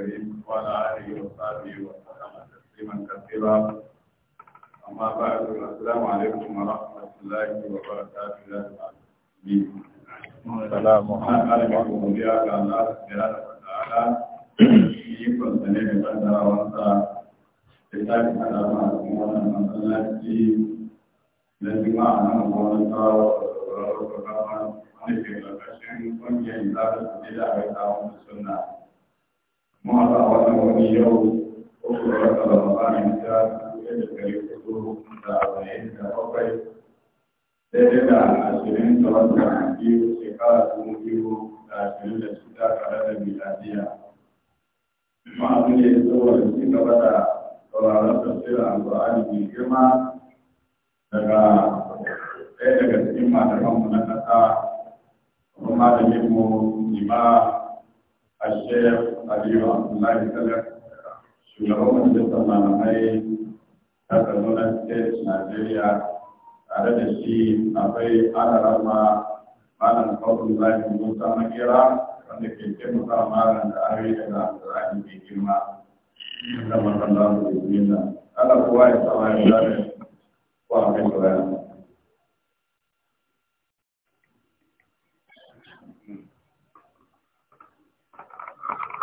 الكريم وعلى آله وصحبه وسلم تسليما كثيرا أما بعد السلام عليكم ورحمة الله وبركاته السلام عليكم وبياك الله سبحانه وتعالى يكون سنين بندر وانسى لتاك على ما أسمونا من سنتي لنجمع أنا وانسى ورحمة الله ونفع لكشن ونجي إذا بدأ بدأ السنة mata wani wani yau ƙwararra da labarin ta ɗaya da ɗari hudu da arba'in da bakwai ɗaya da ashirin da wata biyu shekara dubu biyu da ashirin da shida tare da miladiya masu ne saboda ci gaba da sauraron tafsirin alƙur'ani mai girma daga ɗaya daga cikin matakanmu na ƙasa kuma da yin mu ba الشيخ أبي عبد الله سلف shugaban ta kaduna state nigeria tare da shi akwai alarama malam kawai zai musa makera wanda ke taimaka malam da aure girma da ala kuwa ya sama ya ko a kai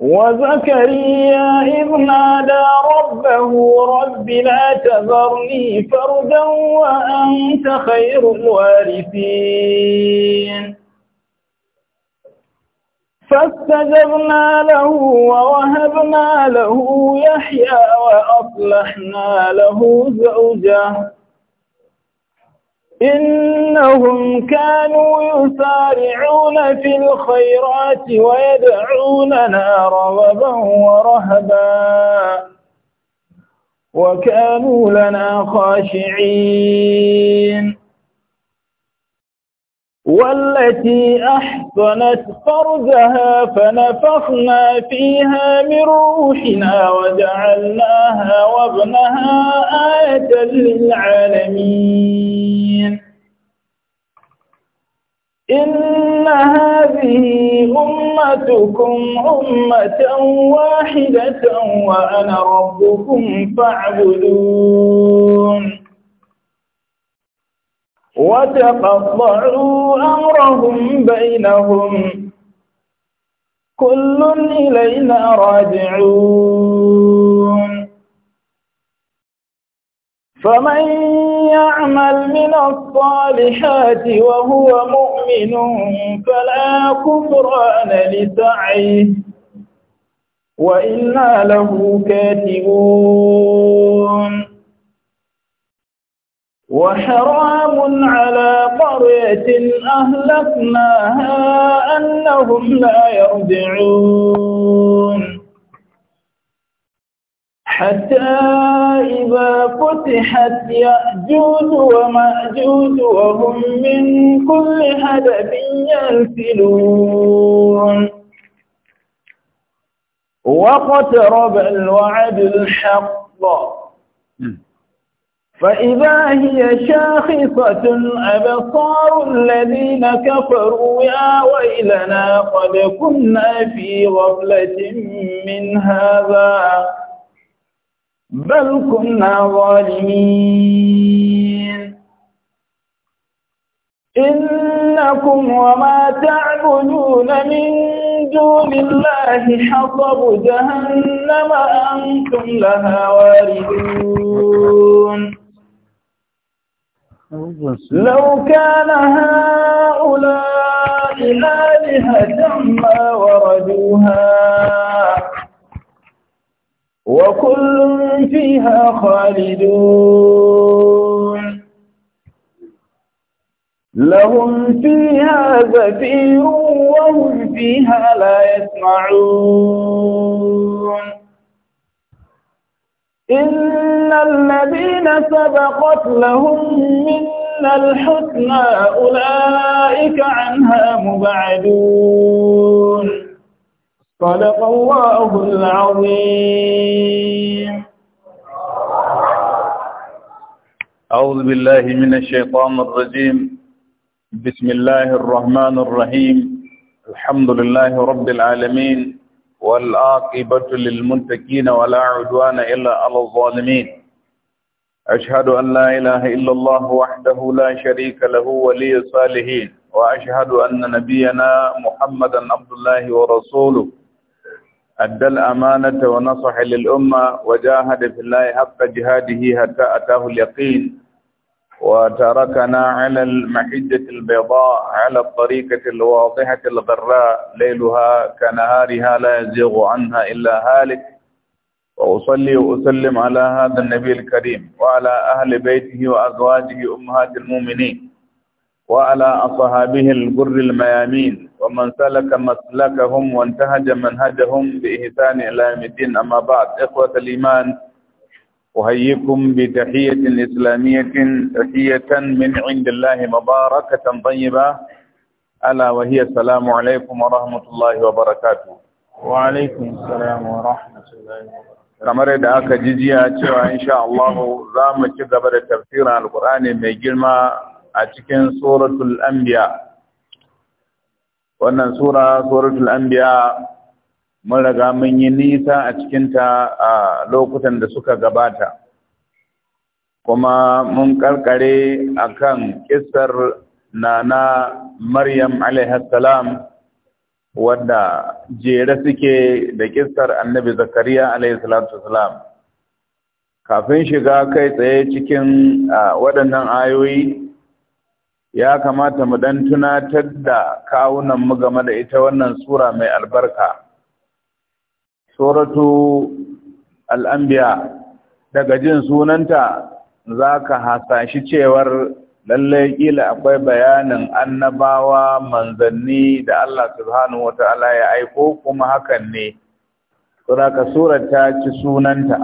وزكريا إذ نادى ربه رب لا تذرني فردا وأنت خير الوارثين فاستجبنا له ووهبنا له يحيى وأصلحنا له زوجه إنهم كانوا يسارعون في الخيرات ويدعوننا رغبا ورهبا وكانوا لنا خاشعين والتي أحصنت فرجها فنفخنا فيها من روحنا وجعلناها وابنها آية للعالمين إن هذه أمتكم أمة واحدة وأنا ربكم فاعبدون وتقطعوا أمرهم بينهم كل إلينا راجعون فمن يعمل من الصالحات وهو مؤمن فلا كفران لسعيه وإنا له كاتبون وحرام على قرية أهلكناها أنهم لا يرجعون حتى إذا فتحت يأجوج ومأجوج وهم من كل هدف ينسلون واقترب الوعد الحق فإذا هي شاخصة أبصار الذين كفروا يا ويلنا قد كنا في غفلة من هذا بل كنا ظالمين إنكم وما تعبدون من دون الله حصب جهنم أنتم لها واردون لو كان هؤلاء آلهة ما وردوها وكل فيها خالدون لهم فيها زفير وهم فيها لا يسمعون إن الذين سبقت لهم من الحسنى أولئك عنها مبعدون صدق الله العظيم أعوذ بالله من الشيطان الرجيم بسم الله الرحمن الرحيم الحمد لله رب العالمين والآقبة للمنتكين ولا عدوان إلا على الظالمين أشهد أن لا إله إلا الله وحده لا شريك له ولي الصالحين وأشهد أن نبينا محمدا عبد الله ورسوله أدى الأمانة ونصح للأمة وجاهد في الله حق جهاده حتى أتاه اليقين وتركنا على المحجة البيضاء على الطريقة الواضحة الغراء ليلها كنهارها لا يزيغ عنها إلا هالك وأصلي وأسلم على هذا النبي الكريم وعلى أهل بيته وأزواجه أمهات المؤمنين وعلى أصحابه الجر الميامين ومن سلك مسلكهم وانتهج منهجهم بإحسان إلى يوم الدين أما بعد إخوة الإيمان أهيكم بتحية إسلامية تحية من عند الله مباركة طيبة ألا وهي السلام عليكم ورحمة الله وبركاته وعليكم السلام ورحمة الله وبركاته kamar da aka ji jiya cewa insha Allah za mu ci gaba da tafsirin alkur'ani mai girma a cikin suratul sura suratul mun raga mun yi nisa a cikinta a lokutan da suka gabata kuma mun karkare kan kissar nana maryam salam wadda jere suke da kissar annabi zakariya salam kafin shiga kai tsaye cikin waɗannan ayoyi ya kamata mu dan tunatar da kawunan mu game da ita wannan sura mai albarka suratu al'ambiya daga jin sunanta za ka hasashi cewar lallai ƙila akwai bayanin annabawa manzanni da Allah subhanahu wa ta'ala ya aiko kuma hakan ne suraka surar ta ci sunanta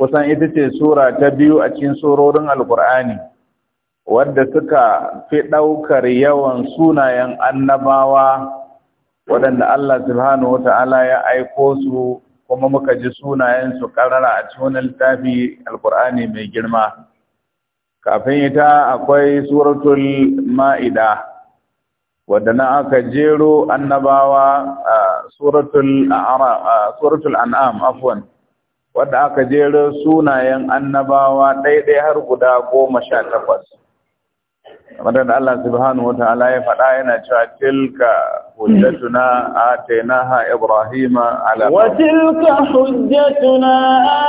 kusan ita ce sura ta biyu a cikin surorin alkur'ani wadda suka fi ɗaukar yawan sunayen annabawa waɗanda Allah subhanahu ta'ala ya aiko su kuma muka ji sunayensu karara a cikin littafi alkur'ani mai girma kafin ita akwai suratul ma'ida wadda na aka jero annabawa suratul suratul an'am afwan wadda aka jero sunayen annabawa ɗaiɗai har guda goma sha takwas wadanda Allah subhanahu wataala ya faɗa yana cewa tilka hujjatuna atainaha ibrahima ala wa tilka hujjatuna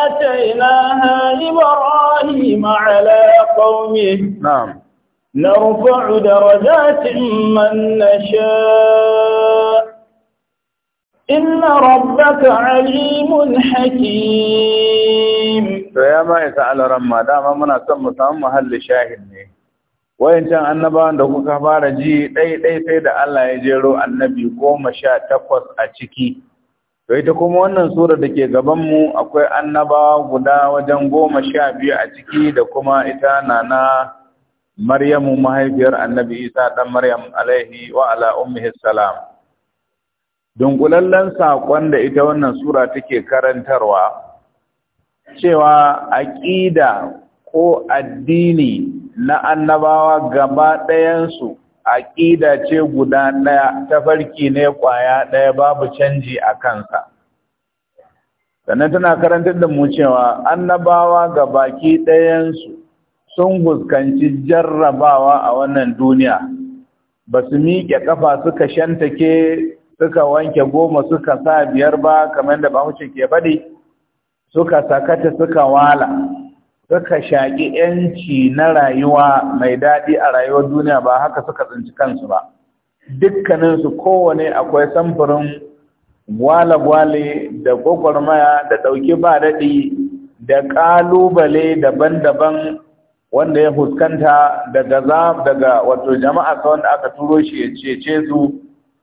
atainaha ibrahima ala qaumi na'am نرفع درجات من نشاء إن ربك عليم حكيم to ya ma isa alaran ma dama muna son mu samu mahallin shahin ne wayancan annabawan da kuka fara ji ɗai-ɗai sai da Allah ya jero annabi goma sha takwas a ciki. To ita kuma wannan sura da ke gabanmu akwai annabawa guda wajen goma sha biyu a ciki da kuma ita nana Maryamu mahaifiyar annabi Isa ɗan Maryam alaihi wa ala ummihi salam. Dunkulallen saƙon da ita wannan sura take karantarwa cewa aƙida ko addini na annabawa gaba ɗayansu aƙida ce guda ɗaya ta farki ne ƙwaya ɗaya babu canji a kansa sannan tana karantar da mu cewa annabawa ga baki ɗayansu sun fuskanci jarrabawa a wannan duniya ba su miƙe ƙafa suka shantake suka wanke goma suka sa biyar ba kamar da ba ke faɗi suka sakata suka wala suka shaƙi ‘yanci na rayuwa mai daɗi a rayuwar duniya ba haka suka tsinci kansu ba. Dukkaninsu kowane akwai samfurin gwale-gwale da gwagwarmaya da ɗauki ba daɗi da ƙalubale daban-daban wanda ya fuskanta daga daga wato jama'a wanda aka turo shi ya cece su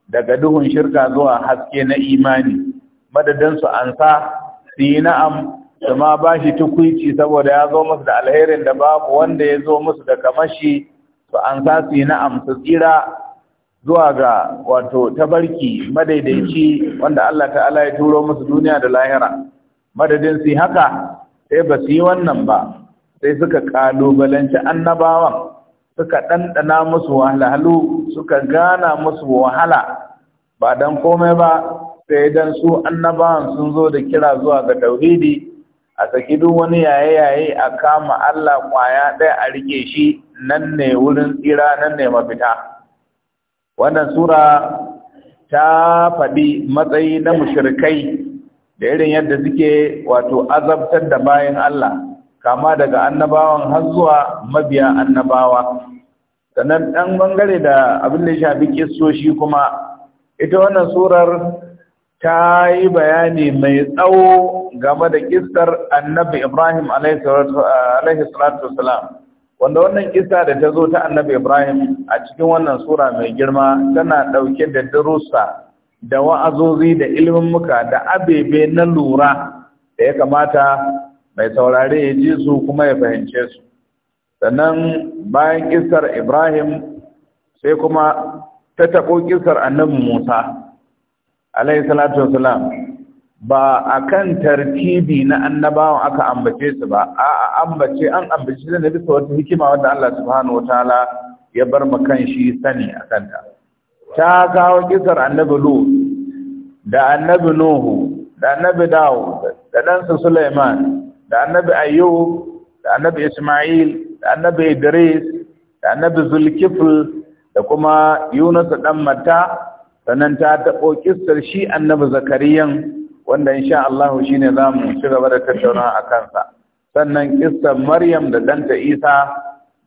daga duhun shirka zuwa haske na imani madadin su ansa su yi na'am da ma ba shi tukuici saboda ya zo musu da alherin da babu wanda ya zo musu da kamashi su an sa su yi na'am su tsira zuwa ga wato tabarki madaidaici wanda Allah ta'ala ya turo musu duniya da lahira madadin su haka sai ba su yi wannan ba sai suka kalubalanci annabawan suka ɗanɗana musu wahalhalu suka gana musu wahala ba don komai ba sai dan su annabawan sun zo da kira zuwa ga tauhidi a saki duk wani yaye-yaye a kama Allah kwaya ɗaya a rike shi nan ne wurin tsira nan ne mafita. Wannan Sura ta faɗi matsayi na mushirikai da irin yadda suke wato azabtar da bayan Allah, kama daga annabawan har zuwa mabiya annabawa. Sannan ɗan bangare da abin da shafi kuma, ita wannan Surar ta yi bayani mai tsawo game da kistar annabi Ibrahim alaihi wanda wannan kista da ta zo ta annabi Ibrahim a cikin wannan sura mai girma tana ɗauke da darussa da wa'azozi da muka da abebe na lura da ya kamata mai saurare ya ji su kuma ya fahimce su sannan bayan kistar Ibrahim sai kuma ta taɓo kistar annabi Musa alayhi salatu wasalam ba akan tartibi na annabawan aka ambace su ba a ambace an ambace da nabi wata hikima wanda Allah subhanahu wataala ya bar ma kan shi sani akan ta ta kawo kisar annabi lu da annabi Nuhu da annabi dawo da ɗansa Suleiman, da annabi Ayyub da annabi Ismail da annabi Idris da annabi Zulkifl da kuma Yunus dan Matta sannan ta taɓo kistar shi annabi zakariyan wanda insha Allah shi ne za mu ci gaba da tattauna a kansa sannan kistar maryam da ɗanta isa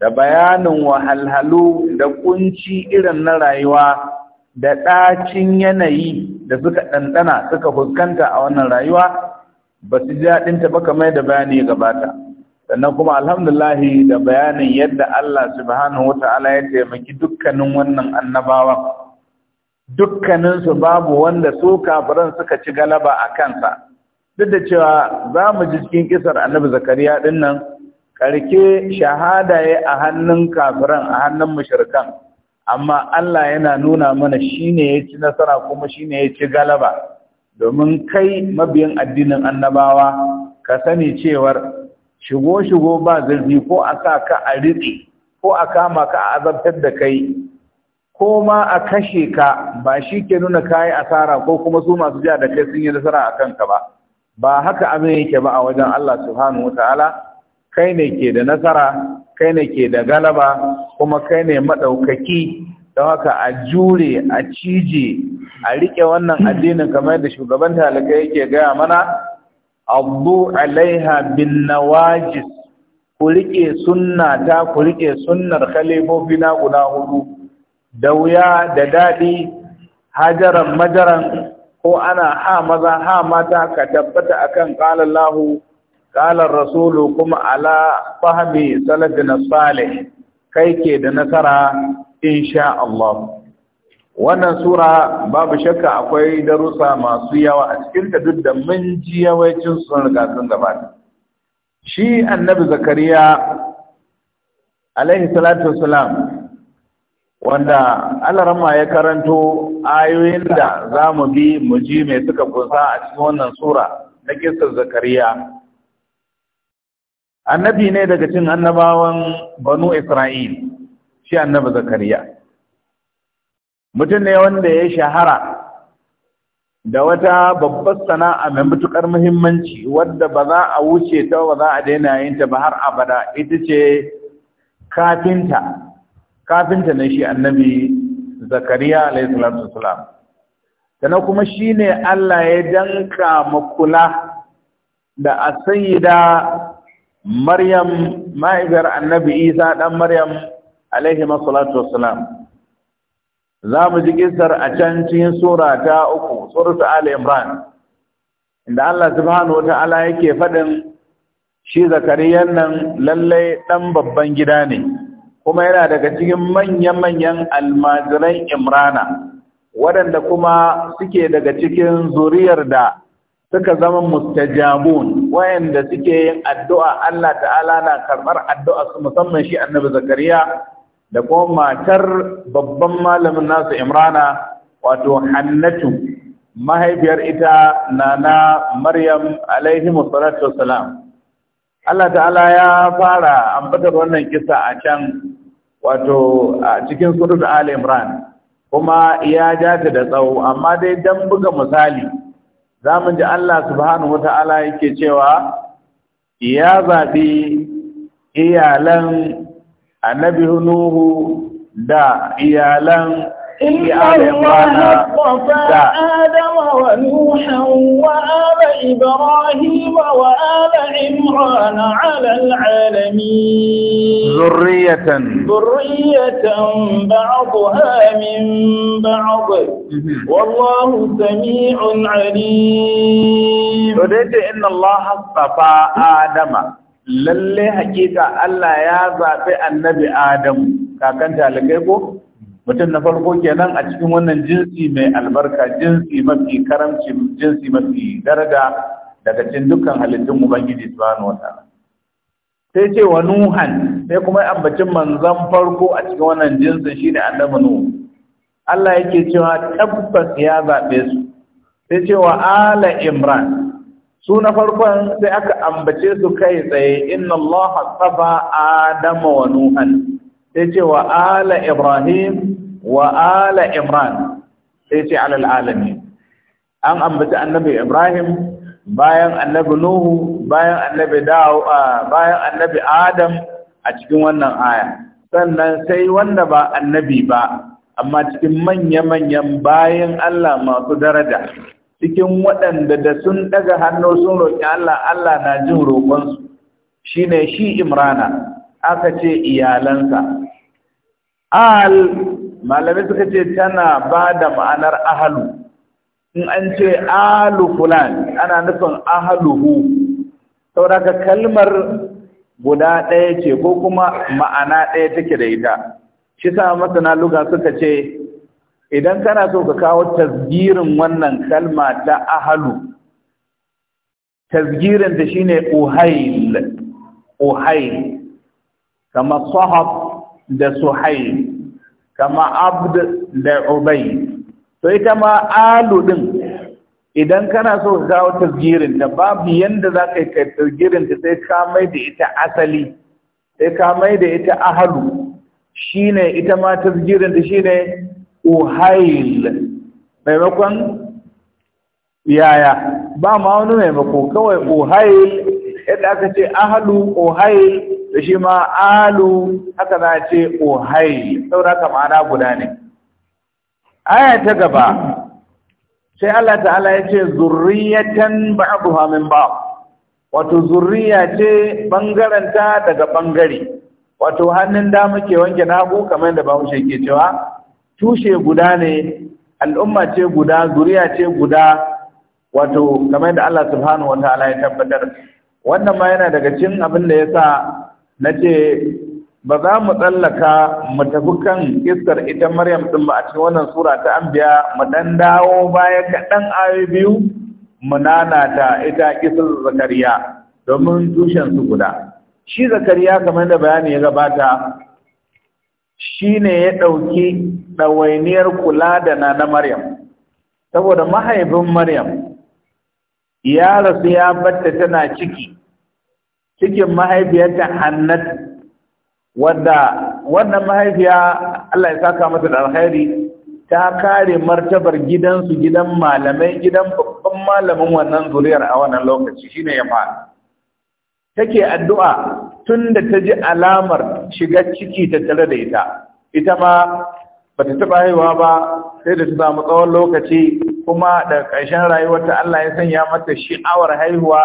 da bayanin wahalhalu da kunci irin na rayuwa da ɗacin yanayi da suka ɗanɗana suka fuskanta a wannan rayuwa ba su ji daɗinta ba kamar da bayani gabata sannan kuma alhamdulahi da bayanin yadda Allah subhanahu wata'ala ya taimaki dukkanin wannan annabawan dukkaninsu babu wanda su kafiran suka ci galaba a kansa duk da cewa za mu ji cikin kisar annabi zakariya din nan karke shahada ya a hannun kafiran a hannun mushrikan amma Allah yana nuna mana shine ya ci nasara kuma shine ya ci galaba domin kai mabiyin addinin annabawa ka sani cewar shigo shigo ba zurfi ko a sa ka a ritse ko a kama ka a azabtar da kai ko ma a kashe ka ba shi ke nuna kayi asara ko kuma su masu ja da kai sun yi nasara a kanka ba ba haka abin yake ba a wajen Allah subhanahu wataala kai ne ke da nasara kai ne ke da galaba kuma kai ne maɗaukaki? don haka a jure a cije a riƙe wannan addinin kamar da shugaban talaka yake gaya mana abu alaiha bin nawajis ku riƙe sunna ta ku riƙe sunnar khalifofi na guda hudu da wuya da daɗi hajaran majaran ko ana ha maza ha mata ka tabbata akan qala Allahu qala rasulu kuma ala fahmi salafina salih kai ke da nasara insha Allah wannan sura babu shakka akwai darussa masu yawa a cikin duk da mun ji yawancin sun riga sun gabata shi annabi zakariya alaihi salatu wassalam wanda alarama ya karanto ayoyin da za mu bi mu ji mai suka kusa a cikin wannan sura na kisar zakariya annabi ne daga cin annabawan banu isra'il shi annabi zakariya mutum ne wanda ya shahara da wata babbar sana'a mai matukar muhimmanci wadda ba za a wuce ta ba za a daina yin ta ba har abada ita ce kafinta kafinta ne shi annabi zakariya alayhi salatu sannan kuma shine Allah ya danka makula da asayida Maryam ma'izar annabi Isa dan Maryam alaihi masallatu wassalam za mu ji kissar a can cikin sura ta uku suratu ali imran inda Allah subhanahu wataala yake faɗin shi zakariyan nan lallai ɗan babban gida ne kuma yana daga cikin manya-manyan almajiran imrana waɗanda kuma suke daga cikin zuriyar da suka zama mustajabun wayanda suke yin addu'a Allah ta'ala na karɓar addu'a su musamman shi annabi zakariya da kuma matar babban malamin nasu imrana wato hannatu mahaifiyar ita nana maryam alaihi salatu wassalam Allah ta'ala ya fara ambatar wannan kisa a can wato a cikin surat al imran kuma ya jata da tsawo amma dai dan buga misali zamu ji Allah subhanahu wata'ala yake cewa ya zaɓi iyalan annabi nuhu da iyalan إن الله اصطفى آدم ونوحا وآل إبراهيم وآل عمران على العالمين ذرية ذرية بعضها من بعض والله سميع عليم تريد إن الله اصطفى آدم للي hakika Allah يا zaɓi النبي آدم kakan على ko mutum na farko kenan a cikin wannan jinsi mai albarka jinsi mafi karamci jinsi mafi daraja daga cikin dukkan halittun ubangiji subhanahu wataala sai ce wa nuhan sai kuma ambacin manzon farko a cikin wannan jinsin shine annabi nuhu Allah yake cewa tabbas ya zaɓe su sai ce wa ala imran su na farkon sai aka ambace su kai tsaye inna allaha safa adama wa nuhan sai ce wa ala ibrahim wa ala imran sai ce alal alalami an ambaci annabi ibrahim bayan annabi nuhu bayan annabi dawo bayan annabi adam a cikin wannan aya sannan sai wanda ba annabi ba amma cikin manya-manyan bayan Allah masu daraja cikin waɗanda da sun daga hannu sun roƙi Allah Allah na jin roƙonsu shi shi imrana aka ce iyalansa Al malamai suka ce tana ba da ma'anar ahalu in an ce alu fulan ana nufin ahaluhu sauraka kalmar guda ɗaya ce ko kuma ma'ana ɗaya take da ita shi sa masana luga suka ce idan kana so ka kawo tasgirin wannan kalma ta ahalu tasgirin ta shine uhail uhail kama sahab da suhai kama abd da ubay to ita ma alu din idan kana so ka kawo tasgirin ta babu yanda za ka yi tasgirin ta sai ka mai da ita asali sai ka mai da ita ahalu shine ita ma tasgirin ta shine uhail maimakon yaya ba ma wani maimako kawai uhail yadda aka ce ahalu ohail da shi ma alu haka za a ce ohai sauraka ma'ana guda ne aya ta gaba sai Allah ta'ala ya ce zurriyatan ba'dha min ba. wato zurriya ce bangaranta daga bangare wato hannun da muke wanke nagu kamar da ba mu ke cewa tushe guda ne al'umma ce guda zuriya ce guda wato kamar da Allah subhanahu ta'ala ya tabbatar wannan ma yana daga cikin abin da ya sa. na ce ba za mu tsallaka mu tafi kan iskar ita maryam din ba a cikin wannan sura ta anbiya mu dan dawo baya kaɗan ayoyi biyu mu nanata ita isar zakariya domin tushen su guda shi zakariya kamar da bayani ya gabata shi ne ya ɗauki ɗawainiyar kula da na na maryam saboda mahaifin maryam ya rasu ya batta tana ciki cikin mahaifiyarta hannat wadda wannan mahaifiya Allah ya saka mata da alkhairi ta kare martabar gidansu gidan malamai gidan babban malamin wannan zuriyar a wannan lokaci shine ya fara take addu'a tunda ta ji alamar shiga ciki tattare da ita ita ma ba ta taɓa haihuwa ba sai da ta samu tsawon lokaci kuma da ƙarshen rayuwarta Allah ya sanya mata sha'awar haihuwa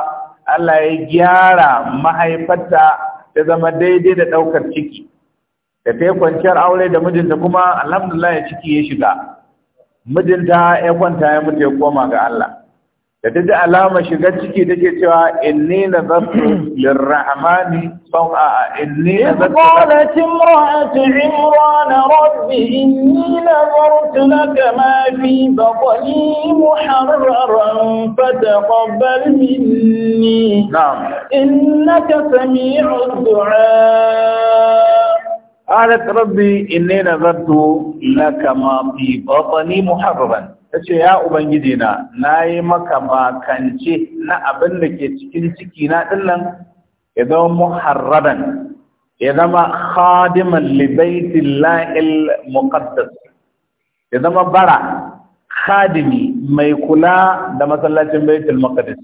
Allah ya gyara mahaifarta ta zama daidai da ɗaukar ciki da ta yi kwanciyar aure da mijinta kuma alhamdulillah ya ciki ya shiga mijinta ya kwanta ya mutu ya koma ga Allah da duk da alama shiga ciki take cewa inni nazartu lirrahmani saw'a inni nazartu qalat imra'atu imran rabbi inni nazartu laka ma fi batni muharraran fataqabbal minni na'am innaka sami'ud du'a قالت ربي إني نذرت لك ما في بطني محررا ta ce ya ubangiji na na yi maka bakance na abin da ke cikin ciki na dinnan ya zama muharraban ya zama khadiman libaitin la'il muqaddas ya zama bara khadimi mai kula da masallacin baitul maqdis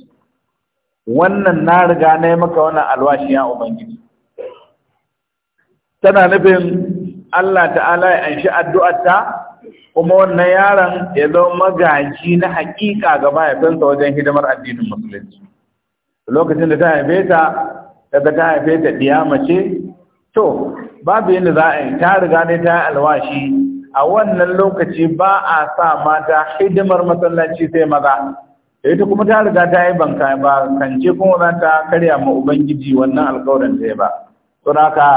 wannan na riga na yi maka wannan alwashi ya ubangiji tana nufin Allah ta'ala ya anshi addu'arta kuma wannan yaron ya zama magaji na hakika ga mahaifinsa wajen hidimar addinin musulunci lokacin da ta haife ta daga ta haife ta ɗiya mace to babu yadda za a yi ta riga ne ta yi alwashi a wannan lokaci ba a sa mata hidimar masallaci sai maza ita kuma ta riga ta yi banka ba kance kuma za ta karya ma ubangiji wannan alkawarin ta ya ba ka,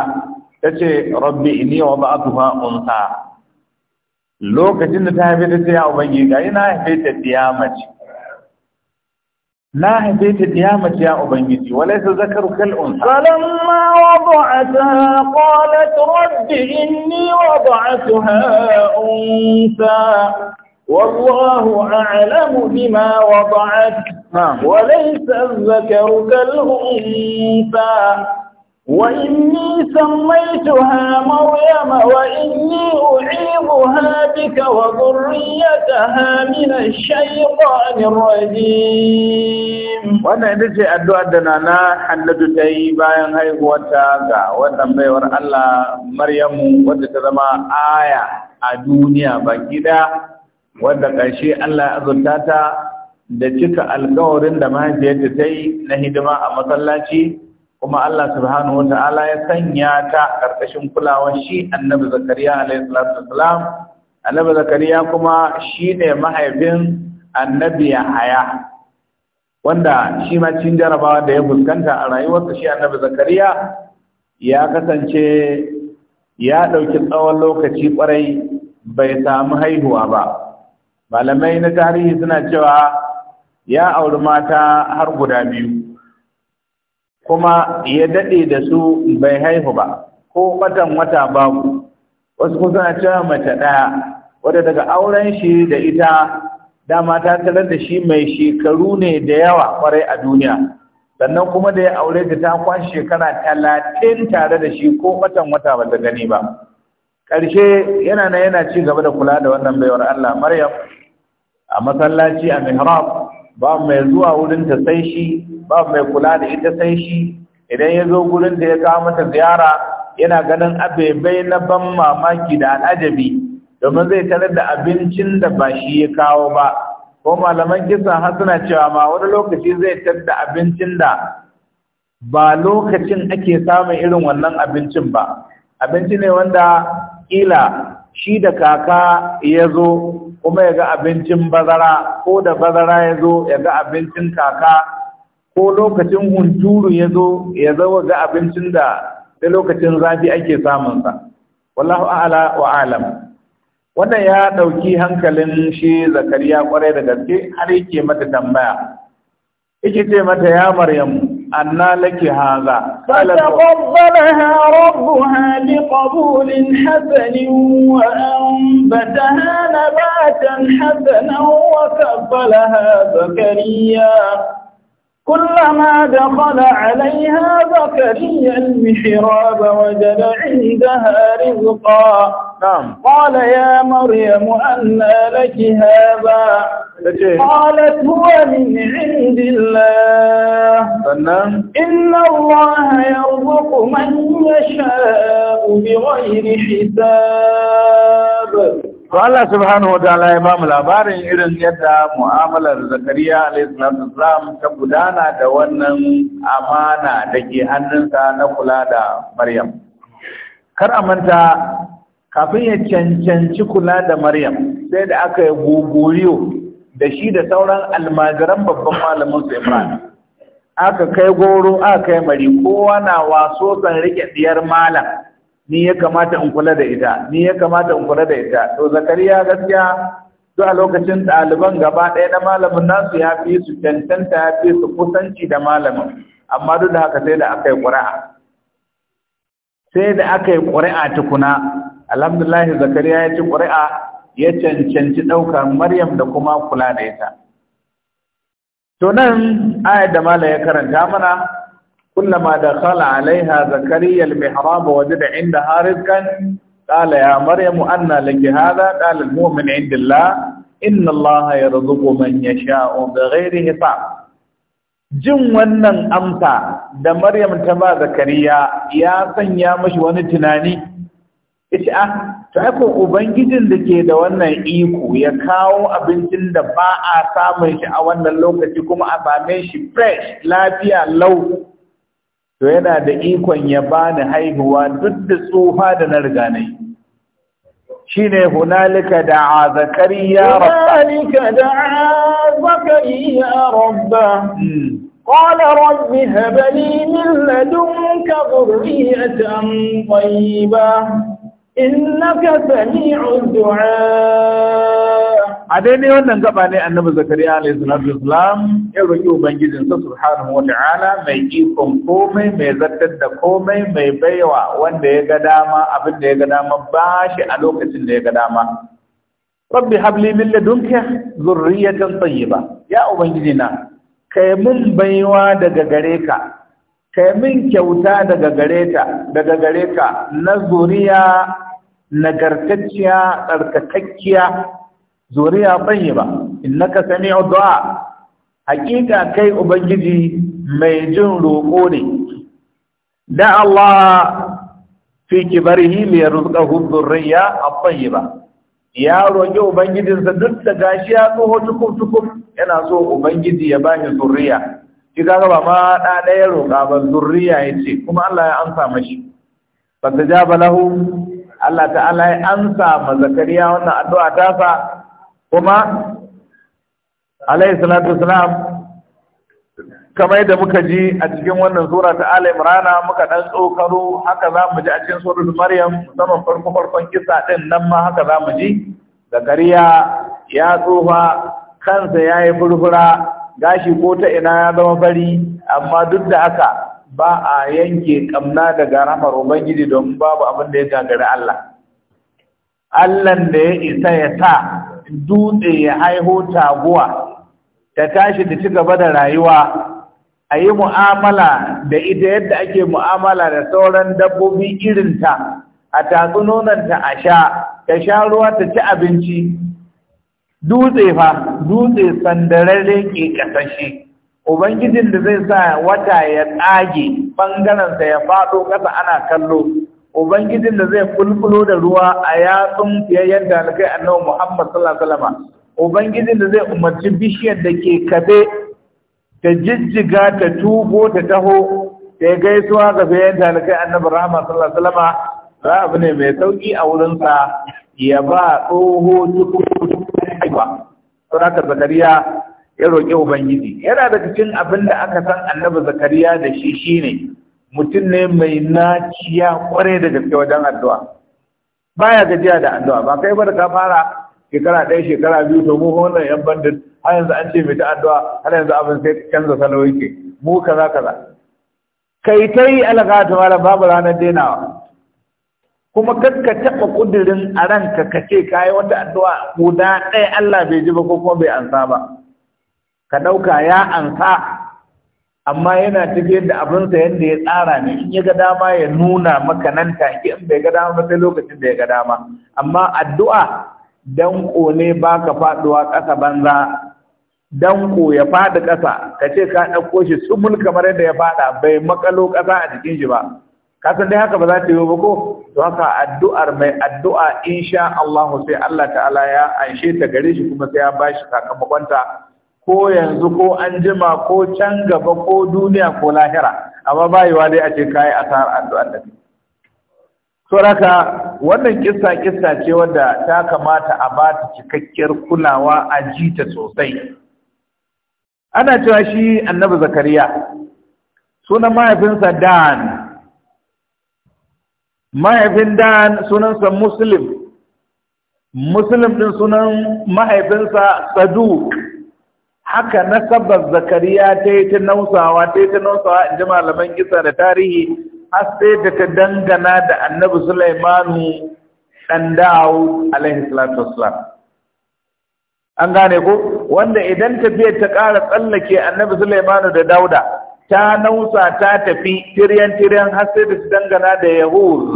ta ce rabbi inni wa ba'atuha unsa lokacin da ta haife ta ce ya ubangi ga na haife ta diyamaci na haife ta diyamaci ya ubangiji walai su zakar kal'un salam ma wada'ata qalat rabbi inni wada'atuha unsa والله أعلم بما وضعت وليس الذكر كالأنثى وإني سميتها مريم وإني أعيبها بك وذريتها من الشيطان الرجيم wannan ita ce addu'ar da nana hannatu ta yi bayan haihuwarta ga wannan baiwar Allah Maryamu wadda ta zama aya a duniya baki ɗaya wadda ƙarshe Allah ya azurta ta da cika alkawarin da mahaifiyarta ta yi na hidima a masallaci kuma Allah subhanahu Ta'ala ya sanya ta ƙarƙashin kulawar shi annabi zakariya alayhi salatu wassalam annabi zakariya kuma shine mahaifin annabi yahaya wanda shi ma cikin jarabawa da ya fuskanta a rayuwarsa shi annabi zakariya ya kasance ya ɗauki tsawon lokaci ƙwarai bai samu haihuwa ba malamai na tarihi suna cewa ya auri mata har guda biyu kuma ya daɗe da su bai haihu ba ko watan wata babu wasu kusa cewa mace ɗaya wadda daga auren shi da ita dama ta tarar da shi mai shekaru ne da yawa kwarai a duniya sannan kuma da ya aure ta ta kwan shekara talatin tare da shi ko watan wata ba ta gani ba ƙarshe yana na yana ci gaba da kula da wannan baiwar Allah Maryam a masallaci a mihrab ba mai zuwa wurin ta sai shi ba mai kula da ita sai shi idan ya zo gurin da ya kawo mata ziyara yana ganin abebai na ban mamaki da al'ajabi domin zai tarar da abincin da ba shi ya kawo ba ko malaman kisan har suna cewa ma wani lokaci zai tarar da abincin da ba lokacin ake samun irin wannan abincin ba abinci ne wanda kila shi da kaka ya zo kuma ya ga abincin bazara ko da bazara ya zo ya ga abincin kaka ko lokacin hunturu ya zo ya zawa ga abincin da da lokacin zafi ake samunsa wallahu a'ala wa alam wannan ya ɗauki hankalin shi zakariya kwarai da gaske har yake mata tambaya yake ce mata ya laki أنا لك هذا فتقبلها ربها wa anbataha nabatan نباتا wa وكفلها Zakariya. كلما دخل عليها زكريا المحراب وجد عندها رزقا نعم قال يا مريم أنى لك هذا قالت هو من عند الله إن الله يرزق من يشاء بغير حساب to Allah subhanahu ta'ala ya bamu labarin irin yadda mu'amalar Zakariya alayhi ta gudana da wannan amana da ke hannunsa na kula da Maryam kar a manta kafin ya cancanci kula da Maryam sai da aka yi guguriyo da shi da sauran almajiran babban malamin su Ibrahim aka kai goro aka kai mari kowa na waso san rike diyar malam ni ya kamata in kula da ita ni ya kamata in kula da ita to zakariya gaskiya duk a lokacin ɗaliban gaba ɗaya na malamin nasu ya fi su cancanta ya fi su kusanci da malamin amma duk da haka sai da aka yi ƙuri'a sai da aka yi ƙuri'a tukuna alhamdulillah zakariya ya ci ƙuri'a ya cancanci ɗaukar maryam da kuma kula da ita to nan ayar da malam ya karanta mana كلما دخل عليها زكريا المحراب وجد عندها رزقا قال يا مريم أن لك هذا قال المؤمن عند الله إن الله يرزق من يشاء بغير حساب jin wannan amsa da Maryam ta ba Zakariya ya sanya mashi wani tunani ita to aiko ubangijin da ke da wannan iko ya kawo abincin da ba a samun shi a wannan lokaci kuma a same shi lafiya lau to yana da ikon ya bani haihuwa duk da tsufa da na riga na yi shi ne hunalika da a zakariya rabba قال رب هب لي من لدنك ذرية طيبة إنك سميع الدعاء a daidai wannan gaba ne annabi zakariya alaihi salatu wasalam ya roki ubangijin sa subhanahu wata'ala mai ikon komai mai zartar da komai mai baiwa wanda ya ga dama abin da ya ga dama bashi a lokacin da ya ga dama rabbi habli min ladunka zurriyatan tayyiba ya ubangiji na kai mun baiwa daga gare ka kai mun kyauta daga gare ta daga gare ka na zuriya nagartacciya tsarkakakkiya zuriya tayyiba innaka sami'u du'a hakika kai ubangiji mai jin roƙo ne da Allah fi kibarihi li yarzuqahu dhurriyya at-tayyiba ya roƙi ubangijinsa duk da gashi ya tsoho tukum tukum yana so ubangiji ya bani zurriya shi ga ba ma da ɗaya roƙa ba zuriya yace kuma Allah ya amsa mashi fatajaba lahu Allah ta'ala ya amsa ma zakariya wannan addu'a ta sa kuma alaihi salatu wasalam kamar yadda muka ji a cikin wannan sura ta Ali Imran muka dan tsokaro haka za mu ji a cikin suratul Maryam musamman farko farkon kisa din nan ma haka za mu ji Zakariya ya tsufa kansa ya yi furfura gashi ko ta ina ya zama fari amma duk da haka ba a yanke kamna daga rahmar ubangiji don babu abin da ya gagari Allah Allah da ya isa ya sa dutse ya haiho taguwa ta tashi da ci gaba da rayuwa a yi mu'amala da ita yadda ake mu'amala da sauran dabbobi irinta a tatsu nonanta a sha ta sha ruwa ta ci abinci dutse fa dutse sandararre ke kasashe ubangijin da zai sa wata ya tsage ɓangarensa ya faɗo ƙasa ana kallo ubangijin da zai kulkulo da ruwa a yatsun fiyayyen dalibai annabi Muhammad sallallahu alaihi wasallam ubangijin da zai umarci bishiyar da ke kabe ta jijjiga ta tubo ta taho ta gaisuwa ga fiyayyen dalibai annabi Rahama sallallahu alaihi wasallam za abu ne mai sauki a wurin sa ya ba tsoho ba saboda zakariya ya roƙi ubangiji yana da cikin abin da aka san annabi zakariya da shi shine mutum ne mai na naciya kwarai da gaske wajen addu'a baya gajiya da addu'a ba kai ba da ka fara shekara ɗaya shekara biyu to mu wannan yan bandin har yanzu an ce mai ta addu'a har yanzu abin sai canza salo yake mu kaza kaza kai ta yi alaka ta babu ranar dainawa kuma kan ka taɓa ƙudurin a ranka ka ce ka yi wata addu'a guda ɗaya Allah bai ji ba ko kuma bai ansa ba ka ɗauka ya ansa amma yana tafiyar da abinsa yadda ya tsara ne in ya ga dama ya nuna maka nan take in bai ga dama sai lokacin da ya ga dama amma addu'a dan ne baka faduwa ƙasa banza dan ya fadi ƙasa ka ce ka ɗauko shi sumul kamar yadda ya fada bai makalo ƙasa a jikin shi ba ka san dai haka ba za ta yi ba ko to haka addu'ar mai addu'a insha Allah sai Allah ta'ala ya anshe ta gare shi kuma sai ya bashi sakamakonta ko yanzu ko an jima ko can gaba ko duniya ko lahira amma bayiwa dai a ce kayi asarar addu'ar da kai wannan kissa kissa ce wadda ta kamata a ba ta cikakkiyar kulawa a ji ta sosai ana cewa shi annabi zakariya sunan mahaifinsa dan mahaifin dan sunansa muslim muslim din sunan mahaifinsa saduk haka nasabar zakariya ta yi ta nausawa ta yi ta nausawa in ji malaman kisa da tarihi har sai da ta dangana da annabi sulaimanu dan da'awu alaihi salatu wassalam an gane ko wanda idan tafiyar ta ƙara tsallake annabi sulaimanu da dauda ta nausa ta tafi tiryan tiryan har sai da ta dangana da yahuz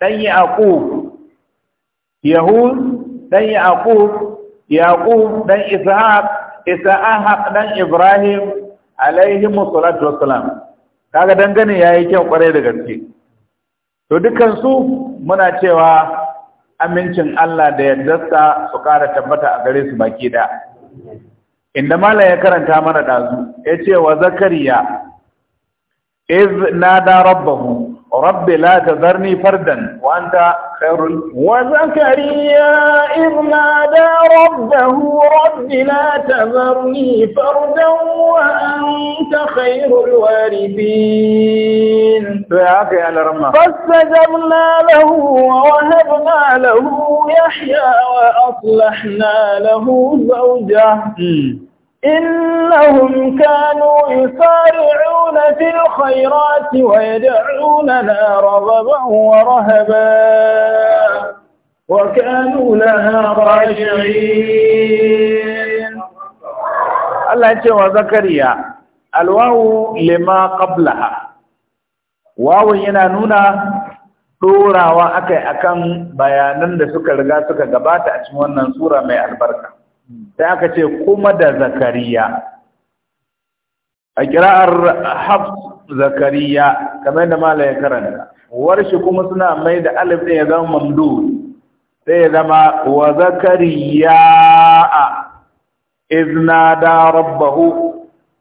dan yaqub yahuz dan yaqub yaqub dan ishaq isa'ahaq ɗan ibrahim alaihi salatu wassalam kaga dangane ya yi kyau kwarai da gaske to dukansu muna cewa amincin Allah da yaddarsa su ƙara tabbata a gare su baki da inda mala ya karanta mana ɗazu, ya ce wa zakariya iz nada rabbahu رب لا تذرني فردا وأنت خير وزكريا إذ نادى ربه رب لا تذرني فردا وأنت خير الوارثين فاستجبنا له ووهبنا له يحيى وأصلحنا له زوجه إنهم كانوا يسارعون في الخيرات ويدعوننا رغبا ورهبا وكانوا لها راجعين الله يتوى زكريا الواو لما قبلها واو ينانونا ɗorawa aka yi akan bayanan da suka riga suka gabata a cikin wannan sura mai albarka sai aka ce kuma da zakariya a kira'ar haf zakariya kamar da mala ya karanta warshi kuma suna mai da alif ɗin ya zama mamdu sai ya zama wa zakariya a izna da rabbahu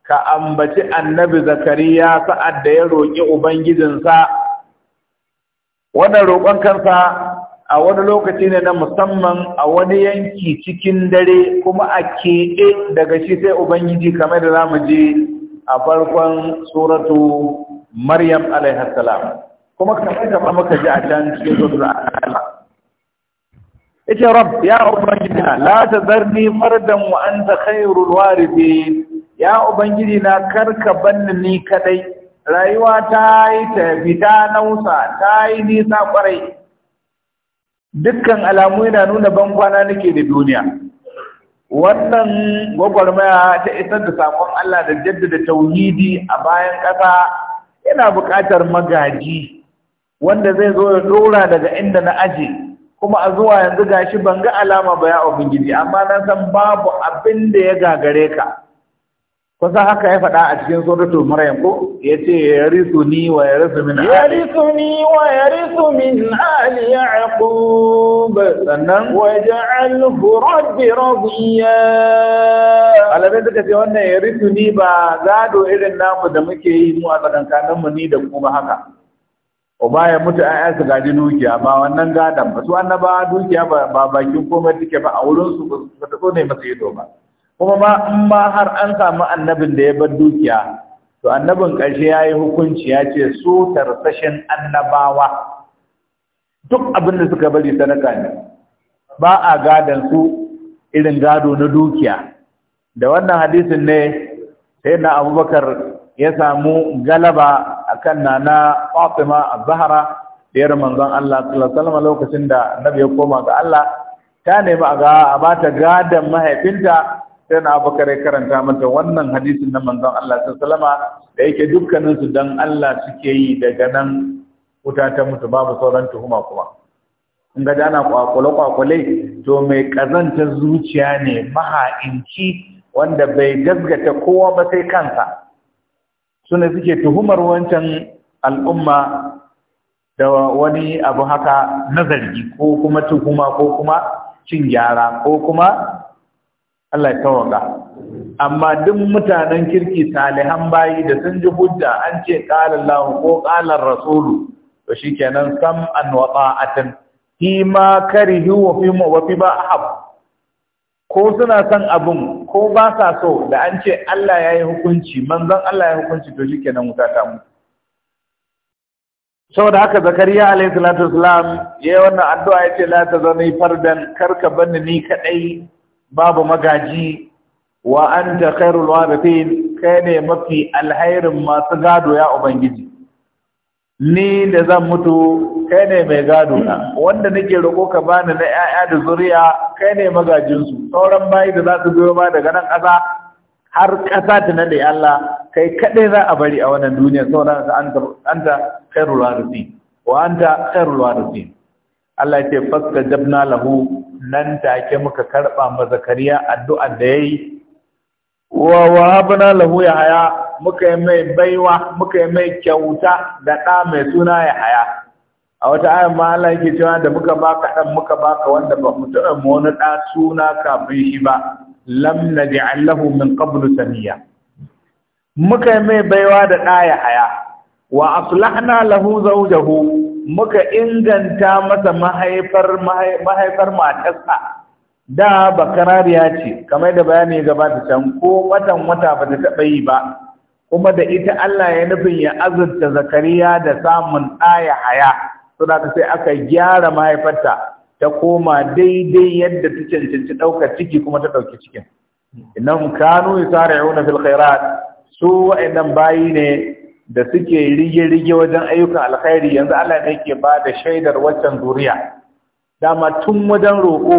ka ambaci annabi zakariya sa'ad da ya roƙi ubangijinsa wannan roƙon kansa a wani lokaci ne na musamman a wani yanki cikin dare kuma a keɓe daga shi sai ubangiji kamar da zamu je a farkon suratu maryam alaihassalam kuma kamar da muka ji a can cikin suratu al'ala ita rab ya ubangiji na. la tazarni fardan wa anta khairul warithin ya ubangiji na karka banni ni kadai rayuwa ta yi ta fita nausa ta yi nisa kwarai dukkan alamu yana nuna bankwana nake da duniya wannan gwagwarmaya ta isar da sakon Allah da jaddada tauhidi a bayan ƙasa yana buƙatar magaji wanda zai zo ya dora daga inda na aje kuma a zuwa yanzu gashi ban ga alama ba ya ubangiji amma na san babu abin da ya gagare ka kusan haka ya faɗa a cikin suratul maryam ko yace yarisuni wa yarisu min ali yarisuni wa yarisu min ali yaqub sannan waj'alhu rabbi radiya alabai suka ce wannan yarisuni ba gado irin namu da muke yi mu a tsakankanin mu ni da ku ba haka uba ya mutu ayyansu gaji dukiya ba wannan gadon ba su annabawa dukiya ba bakin komai take ba a wurin su ba su ne masu ido ba kuma ma in ba har an samu annabin da ya bar dukiya to annabin ƙarshe ya yi hukunci ya ce su tarsashin annabawa duk abin da suka bari sadaka ne ba a gadon su irin gado na dukiya da wannan hadisin ne sai na abubakar ya samu galaba a akan nana fatima a zahra diyar manzon Allah sallallahu lokacin da annabi ya koma ga Allah ta nemi a gawa a bata gadan mahaifinta sai na abu kare karanta mata wannan hadisin na manzon Allah sallama da yake dukkanin su dan Allah suke yi daga nan wuta ta mutu babu sauran tuhuma kuma in ga dana kwakwale kwakwale to mai kazanta zuciya ne maha'inci wanda bai gasgata kowa ba sai kansa sune suke tuhumar wancan al'umma da wani abu haka na zargi ko kuma tuhuma ko kuma cin gyara ko kuma Allah ya tawaka amma duk mutanen kirki salihan bayi da sun ji hujja an ce qala Allah ko qala Rasulu to shikenan sam'an wa ta'atan fi ma karihu wa fi ma wa fi ba ahab ko suna son abun ko ba sa so da an ce Allah ya yi hukunci manzon Allah ya hukunci to shikenan wuta ta mu saboda haka zakariya alayhi salatu wasalam yayi wannan addu'a yace la tazani fardan karka banni ni kadai babu magaji wa anta khairul warithin kai ne mafi alhairin masu gado ya ubangiji ni da zan mutu kai ne mai gado na wanda nake roƙo ka bani na 'ya'ya da zuriya kai ne magajin su sauran bayi da za su biyo ba daga nan ƙasa har ƙasa ta Allah kai kaɗai za a bari a wannan duniya sauran ka anta khairul warithin wa anta khairul warithin Allah ce fasta jabna lahu nan take muka karba ma zakariya addu'a da yayi wa wahabna lahu yahaya, muka yi mai baiwa muka yi mai kyauta da ɗa mai suna haya a wata ayar ma Allah yake cewa da muka baka dan muka baka wanda ba mu tura mu wani ɗa suna kafin shi ba lam naj'al lahu min qablu samiya muka yi mai baiwa da ɗa haya wa aslahna lahu zawjahu muka inganta masa mahaifar mahaifar matarsa da bakarariya ce kamar da bayani gabata can ko watan wata ba ta taɓa yi ba kuma da ita Allah ya nufin ya azurta zakariya da samun ɗaya haya suna ta sai aka gyara mahaifarta ta koma daidai yadda ta cancanci ɗaukar ciki kuma ta ɗauki cikin innahum kanu yusari'una fil khairat su wa'annan bayi ne da suke rige-rige wajen ayyukan alkhairi yanzu Allah ne ke ba da shaidar waccan zuriya dama tun wajen roƙo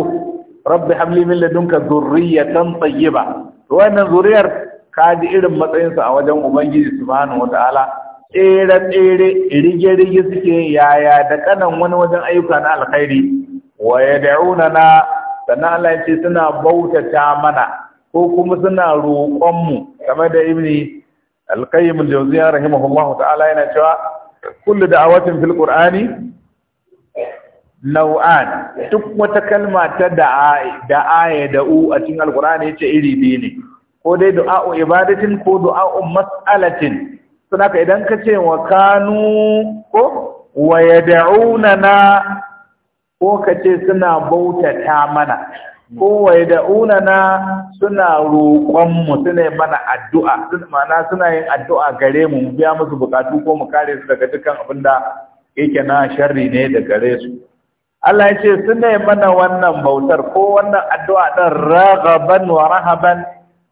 rabbi hamli min ladunka zurriyatan tayyiba wannan zuriyar ka ji irin matsayinsa a wajen ubangiji subhanahu wataala tsere tsere rige rige suke yaya da kanan wani wajen ayyuka na alkhairi wa yad'una na sannan Allah ya suna bautata mana ko kuma suna roƙon mu kamar da ibni alqayyim al-jawziyya rahimahullahu ta'ala yana cewa kullu da'awatin fil qur'ani nau'an duk wata kalma ta da'a da'a da a cikin alqur'ani yace iri biyu ko dai du'a'u ibadatin ko du'a'un mas'alatin suna ka idan kace ce wa kanu ko wa yad'una na ko ka ce suna bautata mana ko wai da unana suna roƙon mu suna mana addu'a ma'ana suna yin addu'a gare mu mu biya musu bukatu ko mu kare su daga dukkan abin da yake na sharri ne da gare su Allah ya ce suna mana wannan bautar ko wannan addu'a ɗin ragaban wa rahaban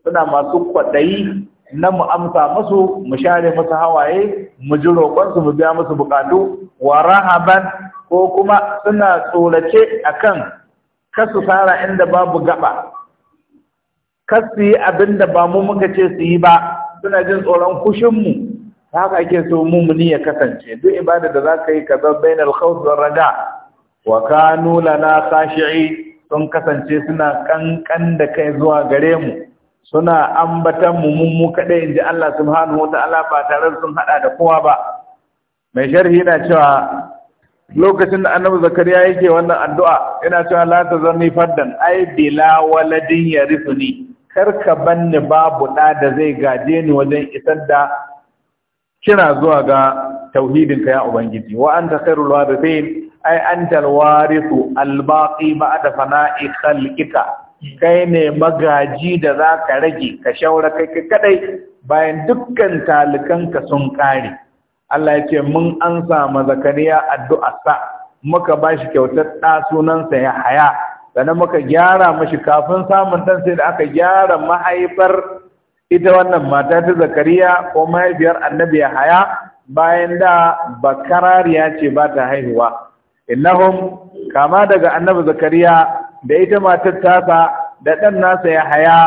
suna masu kwaɗayi na mu amsa musu mu share musu hawaye mu ji su mu biya musu bukatu wa rahaban ko kuma suna tsorace akan kasu su fara inda babu gaba kar yi abin da ba mu muka ce su yi ba suna jin tsoron kushinmu haka ake so muni ya kasance duk ibada da za ka yi kaza al khawf wa raja wa kanu lana khashi'i sun kasance suna kankan da kai zuwa gare mu suna ambatan mu mun mu kadai inji Allah subhanahu wa ta'ala ba tare sun hada da kowa ba mai sharhi na cewa lokacin da annabi zakariya yake wannan addu'a ina cewa la zanni faddan ai bila waladin yarithuni kar ka banni babu da da zai gaje ni wajen isar da kira zuwa ga tauhidin ka ya ubangiji wa anta khairul warithin ai antal warithu al baqi ba'da fana'i khalqika kai ne magaji da za ka rage ka shaura kai kadai bayan dukkan talikanka sun kare Allah ya ce mun ansa ma zakariya addu'arsa muka ba shi kyautar ɗa sunansa ya haya sannan muka gyara mashi kafin samun ɗan sai da aka gyara mahaifar ita wannan mata ta zakariya ko mahaifiyar annabi ya haya bayan da bakarariya ce ba ta haihuwa innahum kama daga annabi zakariya da ita matar tasa da ɗan nasa ya haya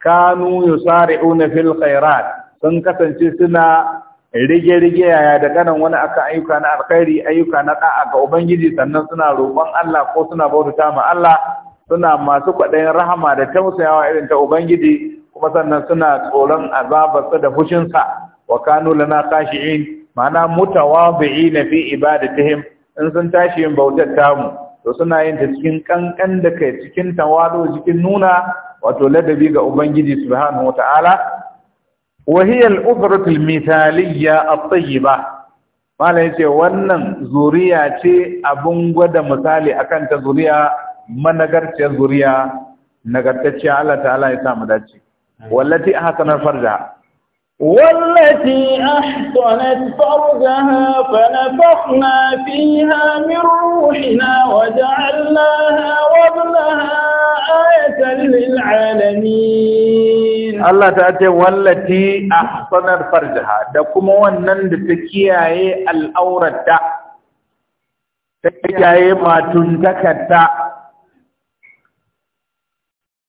kanu yusari'una fil khairat sun kasance suna rige-rige yaya da ganin wani akan ayyuka na alkhairi ayyuka na da'a ga ubangiji sannan suna roƙon Allah ko suna bauta ma Allah suna masu kwaɗayin rahama da tausayawa irin ta ubangiji kuma sannan suna tsoron azabarsa da fushinsa wa kanu lana khashi'in ma'ana mutawadhi'ina fi ibadatihim in sun tashi yin bautar tamu to suna yin ta cikin kankan da kai cikin tawadu cikin nuna wato ladabi ga ubangiji subhanahu wataala Wahiyar وهي الأسرة المثالية الطيبة mala yace wannan zuriya ce abin gwada misali akan ta zuriya managarciyar zuriya nagartacciya Allah ta'ala ya sa mu dace wallati ahsanat farja wallati ahsanat farjaha fa nafakhna fiha min ruhina wa ja'alnaha wa ibnaha ayatan lil Allah ta ce wallati ahsanat farjaha da kuma wannan da ta kiyaye al'aurata ta kiyaye matuntakarta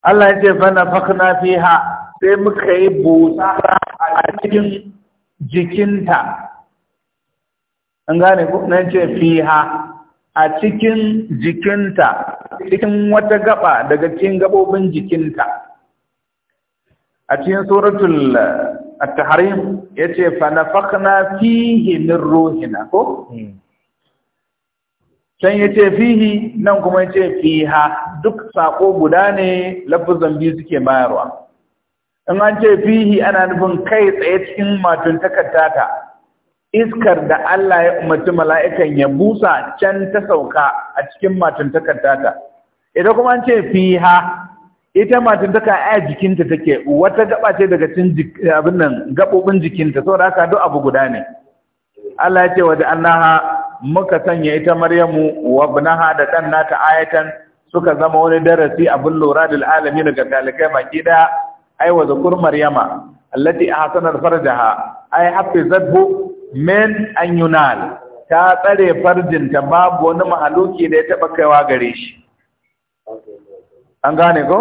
Allah ya ce fa nafakhna fiha sai muka yi busa a cikin jikinta an gane ko nan ce fiha a cikin jikinta cikin wata gaba daga cikin gabobin jikinta a cikin suratul uh, at-tahrim yace fa nafakhna fihi min ruhina ko hmm. can yace fihi nan kuma yace fiha duk sako guda ne lafazan biyu suke bayarwa in an ce fihi ana nufin kai tsaye cikin matun takaddata iskar da Allah ya umarci mala'ikan ya busa can ta sauka a cikin matun takaddata idan kuma an ce fiha ita matan taka a jikinta take wata gaba ce daga cin abin nan gabobin jikinta saboda haka duk abu guda ne Allah ya ce wa annaha muka sanya ita Maryamu wa ibnaha da dan nata ayatan suka zama wani darasi abin lura da alalami daga dalikai baki da ai wa zakur Maryama allati ahsanat farjaha ai hafizathu min an yunal ta tsare farjinta babu wani mahaluki da ya taba kaiwa gare shi an gane ko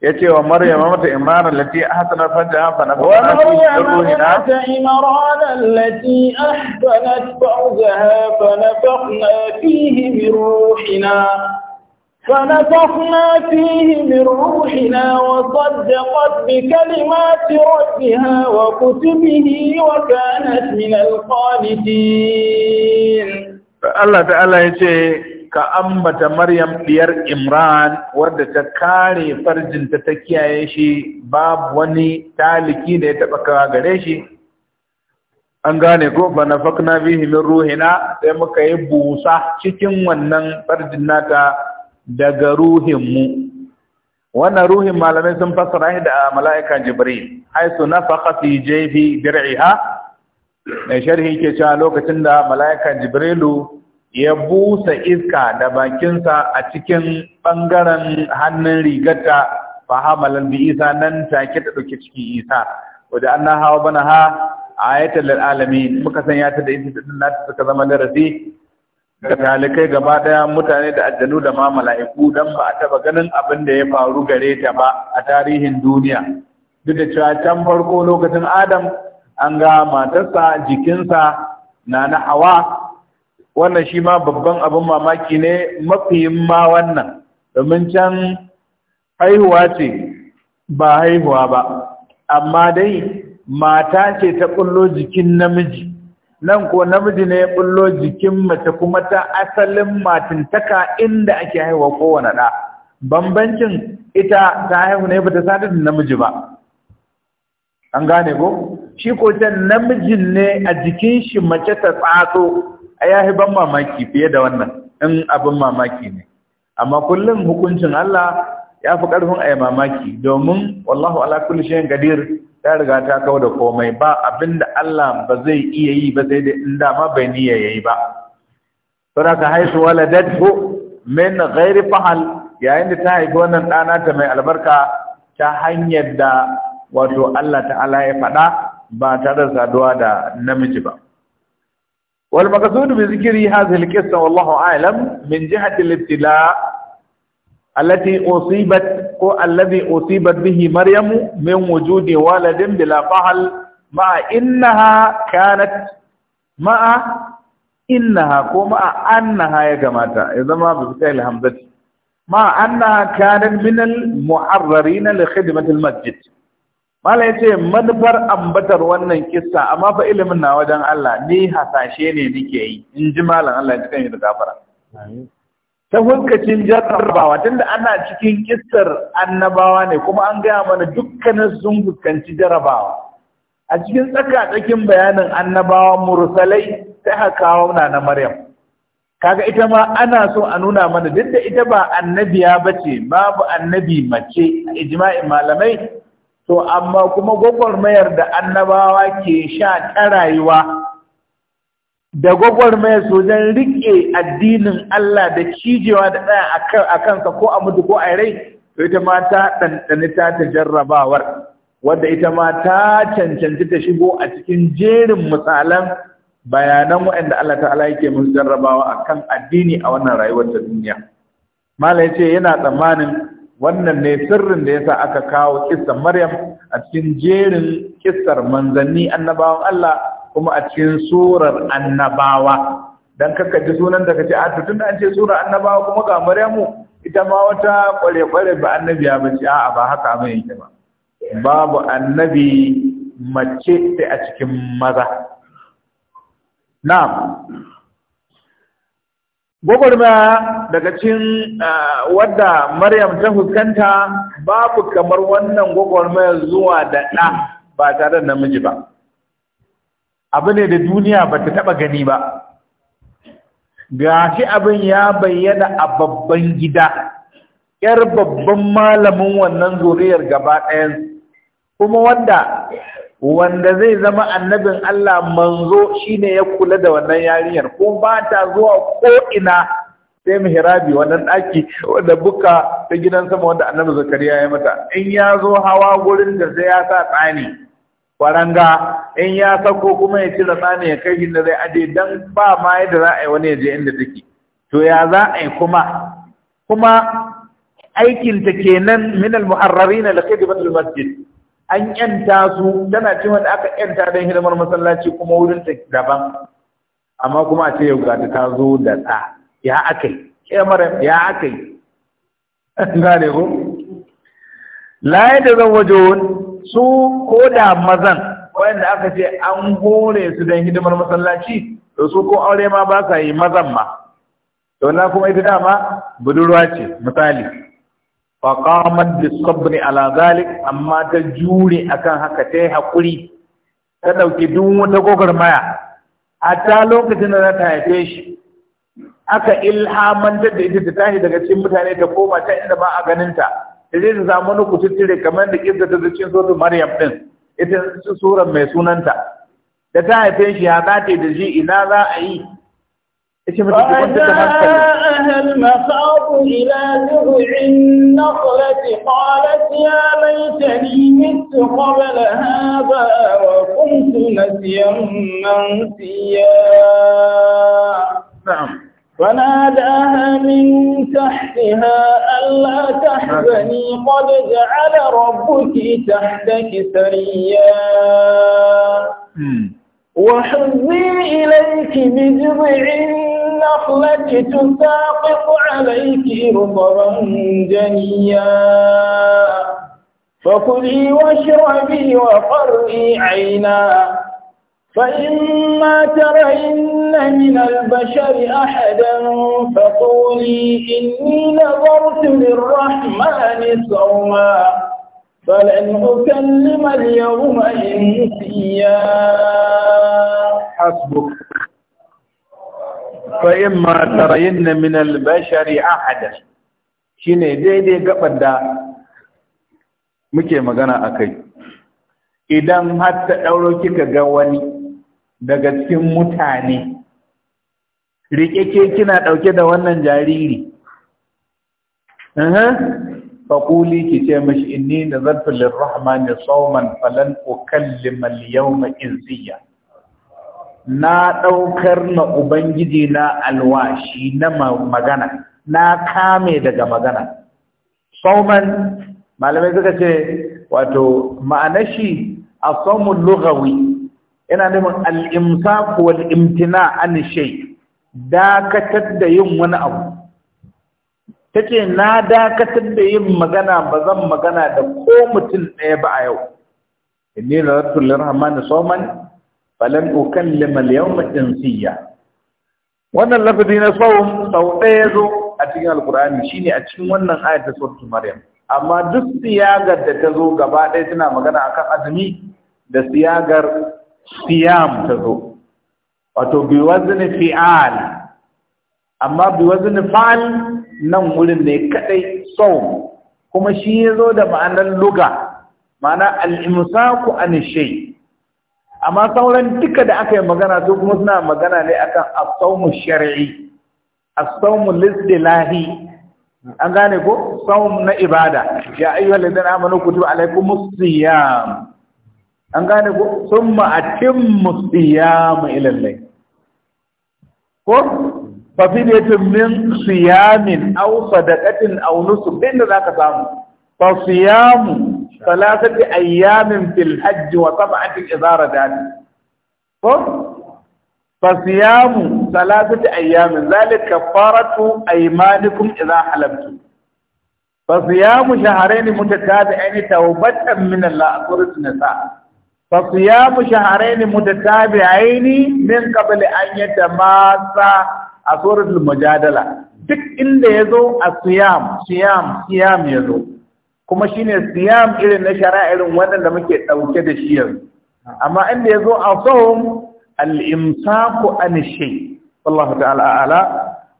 ya ce wa maryam mata imran allati ahsanat farjaha fa nafakhna fihi ruhina ta imran allati ahsanat farjaha fa nafakhna fihi min ruhina فنفخنا فيه من روحنا وصدقت بكلمات ربها وكتبه وكانت من القانتين الله تعالى يقول ka ambata maryam diyar imran wadda ta kare farjinta ta kiyaye shi babu wani taliki da ya taba kawa gare shi an gane ko ba na fakna bihi min ruhina sai muka yi busa cikin wannan farjin nata daga ruhin mu. wannan ruhin malamai sun fassara shi da mala'ika jibril haisu nafaqa fi jayfi dir'iha mai sharhi ke cewa lokacin da mala'ika jibrilu ya busa iska da bakinsa a cikin ɓangaren hannun rigarta fa hamalan bi isa nan take ta ɗauki ciki isa wadda an na hawa bana ha a ayatar lalalamin muka sanya ta da isa ɗin nata suka zama darasi ga talikai gaba daya mutane da ajjanu da ma mala'iku dan ba a taba ganin abin da ya faru gare ta ba a tarihin duniya duk da cewa can farko lokacin adam an ga matarsa jikinsa na na hawa wannan shi ma babban abin mamaki ne mafiyin ma wannan domin can haihuwa ce ba haihuwa ba amma dai mata ce ta kullo jikin namiji nan ko namiji ne ya kullo jikin mace kuma ta asalin matintaka inda ake haihuwa kowane ɗa bambancin ita ta haihu ne ba ta sadar da namiji ba an gane ko shi ko can namijin ne a jikin shi mace ta tsatso ai ya ban mamaki fiye da wannan in abin mamaki ne amma kullum hukuncin Allah ya fi ƙarfin a mamaki domin wallahu ala kulli shayin gadir ta riga ta kawo da komai ba abinda Allah ba zai iya yi ba sai da in dama bai niyya yayi ba saboda haisu waladatu min ghairi fahal yayin da ta haifi wannan ɗana ta mai albarka ta hanyar da wato Allah ta'ala ya faɗa ba tare da saduwa da namiji ba والمقصود بذكر هذه القصة والله أعلم من جهة الابتلاء التي أصيبت الذي أصيبت به مريم من وجود ولد بلا فعل مع إنها كانت مع إنها كما أنها يا جماعة إذا ما بفتح الهمزة مع أنها كانت من المحررين لخدمة المسجد Mala ya ce manufar ambatar wannan kissa amma fa ilimin na wajen Allah ni hasashe ne nike yi in ji malam Allah ya yi da gafara. Ta hulkacin jarrabawa tunda ana cikin kissar annabawa ne kuma an gaya mana dukkanin sun fuskanci jarrabawa. A cikin tsaka tsakin bayanin annabawa mursalai ta hakawa kawo na na Maryam. Kaga ita ma ana so a nuna mana duk da ita ba annabiya bace babu annabi mace a ijma'in malamai to amma kuma gwagwarmayar da annabawa ke sha ta rayuwa da gwagwarmayar su don riƙe addinin Allah da cijewa da ɗaya a kansa ko a mutu ko a rai to ita ma ta ɗanɗani ta ta jarrabawar wadda ita ma ta cancanci ta shigo a cikin jerin misalan bayanan waɗanda Allah ta'ala yake musu jarrabawa kan addini a wannan rayuwar ta duniya. Malam ya ce yana tsammanin wannan ne sirrin da yasa aka kawo kissar Maryam a cikin jerin kissar manzanni annabawan Allah kuma a cikin surar annabawa dan kaka ji sunan da kace a tunda an ce surar annabawa kuma ga Maryamu ita ma wata kware-kware ba annabiya ba ce a'a ba haka mai yake ba babu annabi mace sai a cikin maza na'am gwagwarmaya daga cin ah, wadda maryam ta fuskanta babu kamar wannan gwagwarmaya zuwa da ɗa ba tare da namiji ba abu ne da duniya ba ta taɓa gani ba ga shi abin ya bayyana a babban gida ‘yar babban malamin wannan zuriyar gaba ɗayan kuma wanda wanda zai zama annabin Allah manzo shine ya kula da wannan yarinyar ko ba ta zuwa ko ina sai mihrabi wannan daki wanda buka ta gidan sama wanda annabi zakariya ya mata in ya zo hawa gurin da sai ya sa tsani faranga in ya sako kuma ya cire tsani ya kai da zai aje dan ba ma yadda za a yi wani yaje inda take to ya za a yi kuma kuma aikinta kenan min al-muharrarin al-khidmat al-masjid an yanta su tana cin wanda aka yanta don hidimar masallaci kuma wurin ta daban amma kuma a ce yau ga ta zo da ɗa ya akai kyamarar ya akai gane ko laye da zan waje su ko da mazan wanda aka ce an gore su don hidimar masallaci to su ko aure ma ba sa yi mazan ma to na kuma ita dama budurwa ce misali faƙamar da sabri ala zalik amma ta jure akan haka ta yi haƙuri ta ɗauki duk wata maya. A ta lokacin da za ta haife shi aka ilhamantar da ita ta tashi daga cikin mutane ta koma ta inda ba a ganin ta je ta samu wani kututture kamar da kirta ta zuciyar sotu maryam ɗin ita surar mai sunanta da ta haife shi ya zate da shi ina za a yi فأجاءها المخاض إلى جذع النخلة قالت يا ليتني مت قبل هذا وكنت نسيا منسيا نعم فناداها من تحتها ألا تحزني قد جعل ربك تحتك سريا وحظي إليك بجذع النخلة تساقط عليك رطبا جنيا فكلي واشربي وقري عينا فإما ترين من البشر أحدا فقولي إني نظرت للرحمن صوما فلن أكلم اليوم إنسيا حسبك فإما ترين من البشر أحدا shine daidai gaban da muke magana akai idan har ta dauro kika ga wani daga cikin mutane rike ke kina ɗauke da wannan jariri faƙuli ki ce mashi inni da zartulin rahmani sauman falan ukallima yawma insiya na ɗaukar na ubangiji na alwashi na magana na kame daga magana sauman malamai suka ce wato ma'anashi a saumun lugawi yana nufin al'imsa wal imtina an shai dakatar da yin wani abu ta ce na dakatar da yin magana ba zan magana da ko mutum ɗaya ba a yau inni da rattun falan ukallima al-yawma insiya wannan lafazi na saum sau ɗaya zo a cikin alkur'ani shine a cikin wannan ayat ta suratul maryam amma duk siyagar da ta zo gaba ɗaya tana magana akan azumi da siyagar siyam ta zo wato bi wazni fi'al amma bi wazni fa'al nan wurin ne kadai saum kuma shi yazo da ma'anar luga ma'ana al-imsaku an shay amma sauran duka da aka yi magana su kuma suna magana ne akan asaumu shari'i asaumu listilahi an gane ko saum na ibada ya ayyuhal ladina amanu kutiba alaykumus siyam an gane ko summa atimmu siyam ila al ko fa yatim min siyamin aw sadaqatin aw nusuk din da zaka samu fa siyamu ثلاثة أيام في الحج الإدارة ذلك رجعت فصيام ثلاثة أيام ذلك كفارة أيمانكم إذا حلمتم فصيام شهرين متتابعين توبة من الله سورة النساء فصيام شهرين متتابعين من قبل أن يتماسى سورة المجادلة تك إن ya الصيام صيام صيام يزو kuma shine siyam irin na shari'a irin waɗanda muke ɗauke da shi yanzu amma inda ya zo a sahun al'imsaku an shi wallahu ta'ala ala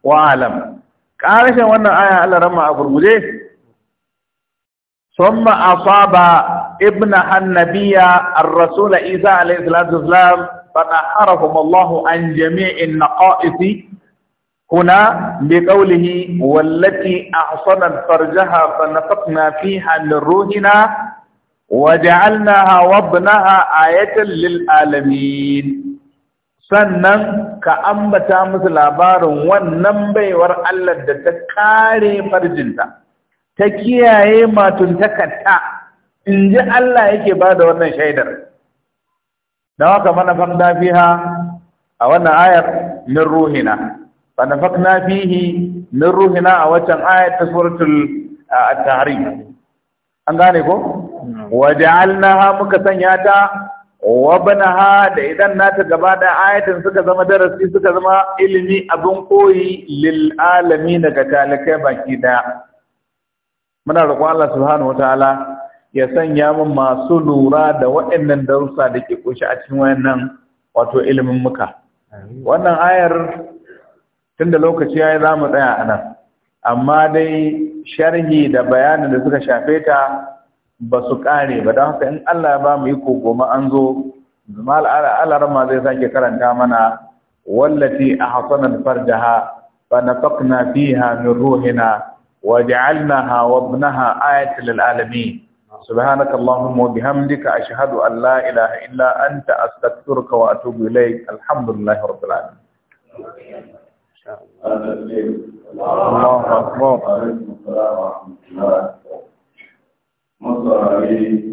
wa alam ƙarashin wannan aya Allah rama a gurguje summa asaba ibn Annabiya ar rasula isa alayhi salatu wasalam fa naharahu Allah an jami'in naqa'isi هنا بقوله والتي أحصنت فرجها فنفقنا فيها من روحنا وجعلناها a آية للعالمين sannan ka ambata musu labarin wannan baiwar Allah da ta kare farjinta ta kiyaye matuntakarta in ji Allah yake ba da wannan shaidar don haka mana famda a wannan ayar min ruhina fa nafakna fihi min ruhina a waccan ayat ta suratul at-tahrim an gane ko waja'alnaha muka sanya ta wa banaha da idan nata gaba da ayatin suka zama darasi suka zama ilimi abin koyi lil alamin daga talakai baki daya muna roƙon Allah subhanahu wataala ya sanya min masu lura da waɗannan darussa da ke kunshi a cikin wayannan wato ilimin muka wannan ayar tunda lokaci yayi za mu tsaya nan amma dai sharhi da bayanin da suka shafe ta ba su kare ba don haka in Allah ba mu yi kogoma an zo zumal ma zai sake karanta mana wallati ahsanat farjaha fa nafaqna fiha min ruhina waj'alnaha wa ibnaha ayatan lil alamin سبحانك اللهم وبحمدك أشهد أن لا إله إلا أنت أستغفرك وأتوب إليك الحمد لله رب العالمين شاء الله أكبر مصر عليه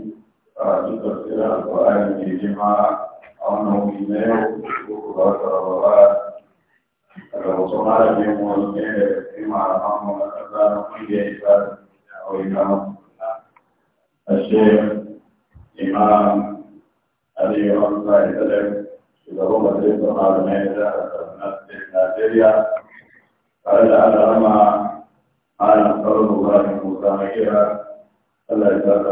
القرآن في جماعة أو نومينه وقرات الروايات الرسول عليه وسلم فيما رحمه الله في جيبات أو إمام الشيخ إمام أبي رحمه shugaban majalisar malamai da sarnar state nigeria tare da alarama ana sauran mubarak musa makera allah ya saka